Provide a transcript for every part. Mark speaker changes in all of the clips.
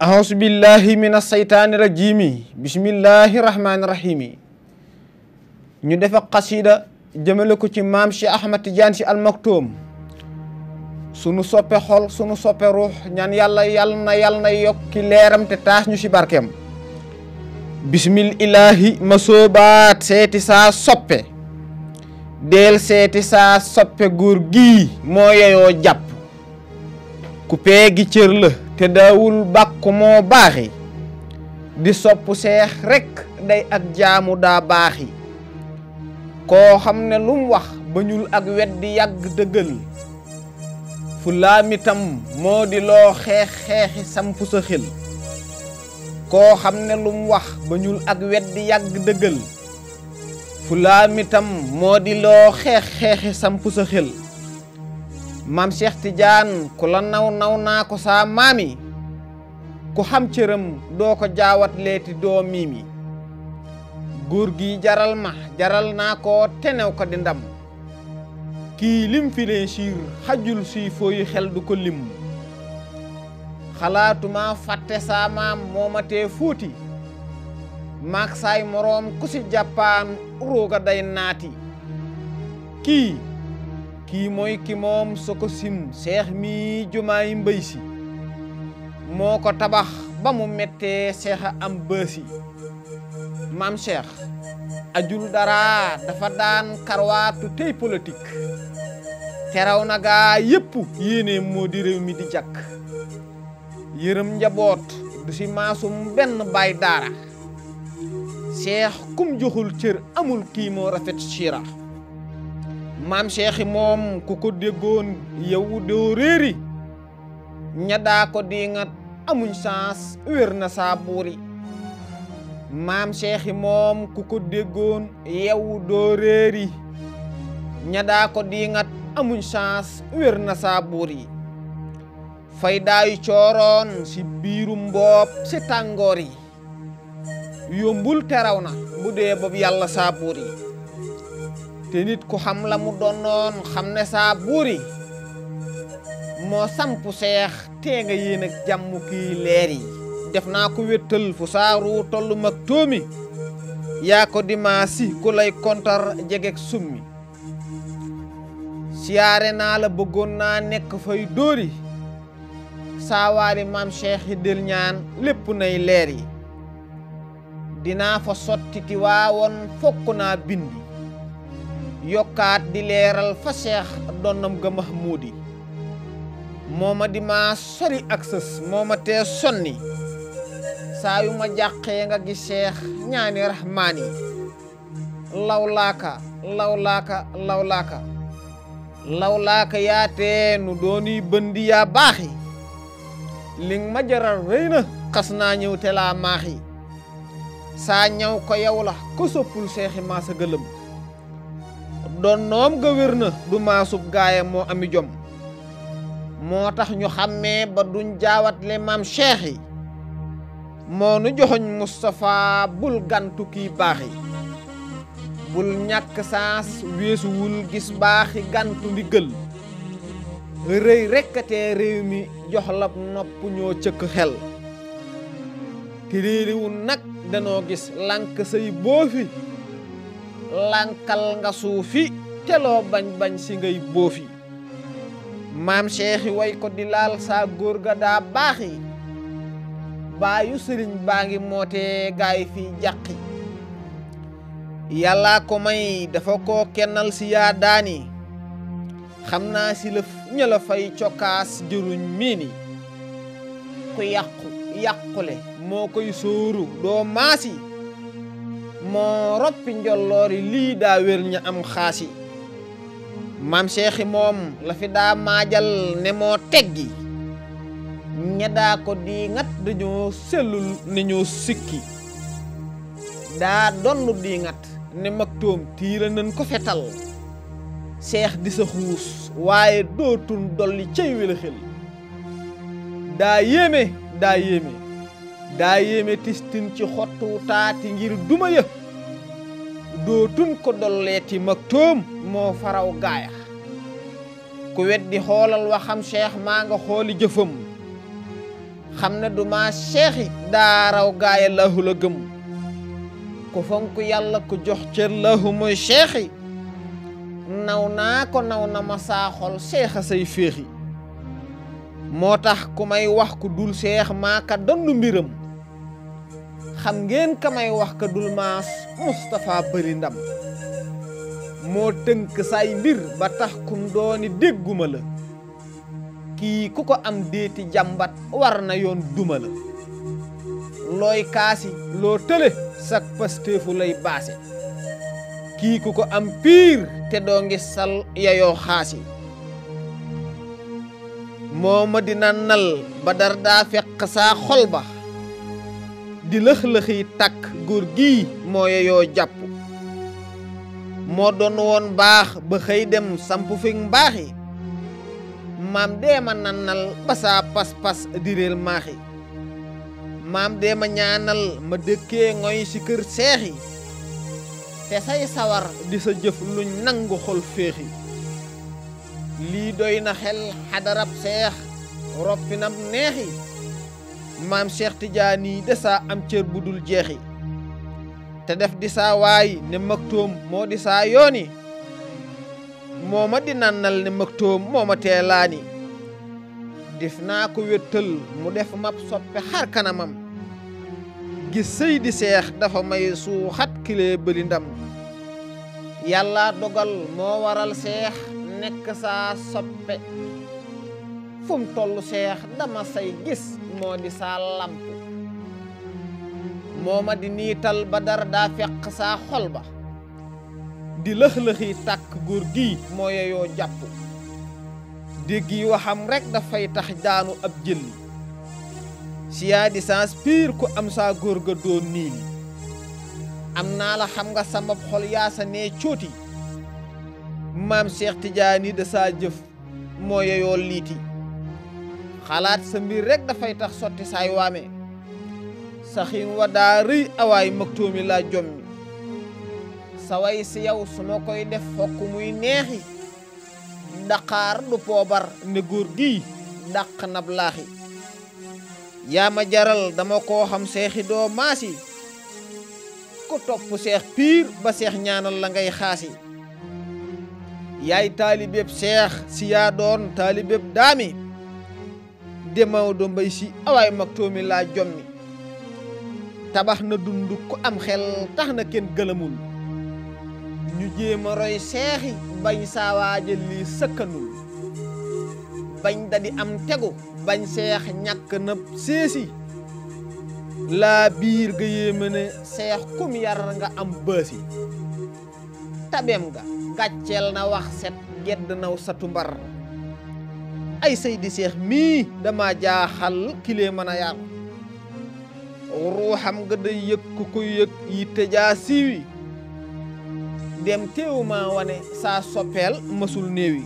Speaker 1: ahousu billahi min alseytaani rajimi bismillahi rahmaani rahimi ñu defa xasida jëmale ko ci maam si ahmad tijaan si almaktoom sunu soppe xol sunu soppe ruux ñaan yàlla yàll na yàll na yokki leeram te taas ñu si barkeem bismillahi ma soobaat seeti saa soppe deel seeti saa soppe góor gii moo yeyoo jàpp ku peegi cër te daawul bàkku moo baaxi di soppu seex rekk day ak jaamu daa baaxi koo xam ne lum wax bañul ak weddi yàgg dëggal fu laamitam moo di loo xeex-xeexi samp sa xel koo xam ne lum wax bañul ak weddi yàgg dëggal fu laamitam moo di loo xeex-xeexi samp sa xel maam Cheikh Tidiane ku la naw naw naa ko saa maami ku xam cëram doo ko jaawat leeti doo miimi góor gi jaral ma jaral naa ko tenew ko di ndam kii lim fi réussir xajul suy fooyu xel du ko lim xalaatuma fàtte saa maam moo fuuti maak saay moroom ku si jàppaan ruuga day naati kii kii mooy ki moom Sococim seex mi jumaay mbëy si moo ko tabax ba mu mettee seexa am bësi maam seex ajul dara dafa daan karwaatu tey politique teraw na gaa yépp yéene moo di réew mi di jàkk yërëm njaboot du si maasum benn baay daara seex kum joxul cër amul kii moo rafet siira maam Cheikh moom ku ko déggoon yow doo réeri ña amuñ chance wér na saa maam Cheikh moom ku ko déggoon yow doo ñadaako ña amuñ chance wér na saa buuri faydaayu cooroon si biiru mboob si tàngoor yi yombul teraw na bu dee boobu yàlla saa te nit ku xam la mu doonoon xam ne saa buuri moo samp seex tee nga yéen jàmm kii leer def naa ko wéttal fu saaru tollu mag tóomi yaa ko dimaasi ku lay kontar jegek summi siyaare naa la bëggoon naa nekk fay dóori saawaari maam cheikh yi del ñaan lépp nay leer yi dinaa fa waawoon fokk naa bindi yokkaat di leeral fa seex donnam ga mahmuudi moo di maa sori ak sës moo ma tee sonni saa yu nga gi seex ñaani rahmaani lawlaaka lawlaaka lawlaaka lawlaaka yaa tee nu dooni bëndi yaa baaxi li ma jaral rëy na xas naa ñëw te laa maaxi saa ñaw ko yow la ko soppul seexi maa sa gëlëm donnoom ga wér na du maasub gaayam moo ami jom moo tax ñu xàmmee ba duñ jaawatle maam cheikh yi moo nu joxoñ Moustapha bul gantu kiy baax yi bul ñàkk saas weesuwul gis baaxi gantu ndi gël rëy rekkatee réew mi jox lab nopp cëkk xel te réeriwul nag danoo gis lànk say boo fi lankal nga suufi te loo bañ-bañ si ngay boofi maam cheikhi way ko di laal saa góor ga daa baaxi baayu sëriñ baa ngi moote gaay fi jàqi yàllaa ko may dafa ko kennal si yaa xam naa si la ña cokkaas jëruñ miini ku yàqu yàqule moo koy sóoru doo maasi moo roppi njolloori lii daa wér ña am xaasi maam seexi moom la fi daa maajal ne moo teggi ña daa ko di ngat dañoo sellul ne ñoo sikki daa donnu di ngat ne mag tiira nañ ko fetal seex di sa xuus waaye dootun dolli cey wéla xel daa yéeme daa yéeme daa yéeme tistin ci xottu taati ngir duma ya dootun ko dolleeti mag tóom moo faraw gaaya ku weddi xoolal waxam cheikh maa nga xooli jëfam xam ne du maa cheikhi daa raw gaaya laahu la gëm ku fonk yàlla ko jox cër laahu mooy cheikhi naw naa ko naw na ma saaxol cheikha say féexi moo tax ku may wax ku dul cheikh maa ka donn mbiram xam ngeen kamay wax ka dul maas Moustapha Përi moo tënk say mbir ba tax kum dooni dégguma la kii ku ko am déeti jàmbat war na yoon duma la looy kaasi loo tële sak pastéefu lay baase kii ku ko am piir te doo ngi sal yayoo xaasi moo ma dina nal ba dar daa fekk saa xol ba di lëx takk góor gi moo yeyoo jàpp moo doon woon baax ba xëy dem samp fi mbaaxi maam deema nannal ba saa pas-pas di réel maaxi maam deema ñaanal ma dëkkee ngoy ci kër seexi te say sawar di sa jëf luñ nangu xol féexi lii doy na xel xadarab seex roppinam neexi maam Cheikh Tidiane yi desaa am cër bu dul jeexi te def di saa waayi ne maktoom moo di saa yooni moo ma di nannal ne maktoom moo ma teelaani def naa ko wéttal mu def mab soppe xar kanamam gis sëy di seex dafa may suuxat kilee bëli ndam dogal moo waral seex nekk saa soppe fu mu toll cheikh dama say gis moo di saa lamp moo ma di niital ba dara daa feq saa xol ba di lëx-lëxi tàkk góor gii moo yeyoo jàpp dégg yi waxam rekk dafay tax daanu ab jëlli siyaa di sens pire ku am saa góor ga doon nii am naa la xam nga sama xol yaa sa nee cooti maam Cheikh Tidiane da saa jëf moo yeyoo liiti xalaat sa mbir rek dafay tax sotti saay waame saxiin wa daa rëy awaay maktoomi laa jommi saway si yow su koy def fokk muy neexi daqaar du poobar ne góor gii dàq nab laaxi yaa ma jaral dama koo xam seexi doo maasi ku topp seex piir ba seex ñaanal la ngay xaasi yaay taalibeb seex si yaa doon taalibeb daami demawdo mbay si awaay mag toomi laa jommi tabax na dund ku am xel tax na kenn gëlëmul ñu jéem a roy seexi bañ saawaaja lii sëkkanul bañ da di am tegu bañ seex ñàkk na séesi laa biir ga yéeme ne seex kum yar nga am bësi tabeem ga gàcceel na wax set gedd naw satu mbar ay Seydi Seex mii dama jaaxal kilee mën a yar ruuxam nga day yëg ku ko yëg yitte jaa siiwi dem teewuma wane saa soppeel mësul néewi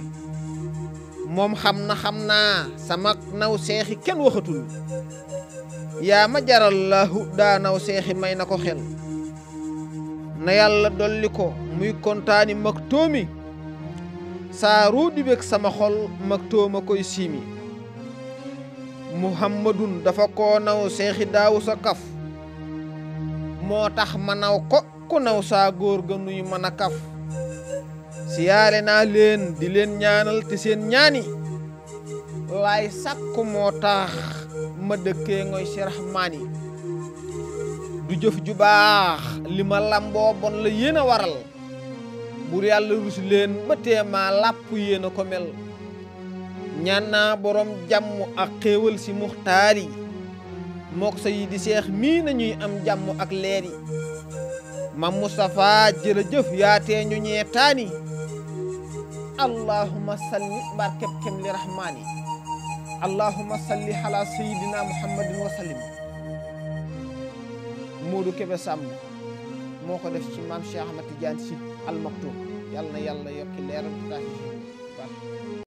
Speaker 1: moom xam na xam naa sama naw seexi kenn waxatul yaa ma jaral laahu daa naw seexi may na ko xel na yàlla dolli ko muy kontaani mag toomi saaru di bég sama xol mag tooma koy siimi muhammadun dafa ko naw seexi daawu sa kaf moo tax ma naw ko ku naw saa góor ga mën a kaf siyaare naa leen di leen ñaanal te seen ñaani laay sàkku moo tax ma dëkkee ngoy serax maani du jëf ju baax li ma lamboo bon la yéen a waral buur yàlla rus leen ba tee làpp yéen a ñaan naa borom jàmm ak xéewal si muxtaar yi mook sa yi di seex mii nañuy am jàmm ak leer yi mam Moustapha jërëjëf yaa tee ñu ñeetaani allahuma salli barkeb li rahmaani allahuma salli ala sayidina muhammadin wa sallim Moodu moo ko def ci maam Cheikh Ahmad Tidiane si al Maktoum yàlla na yàlla yokki leeram taasi si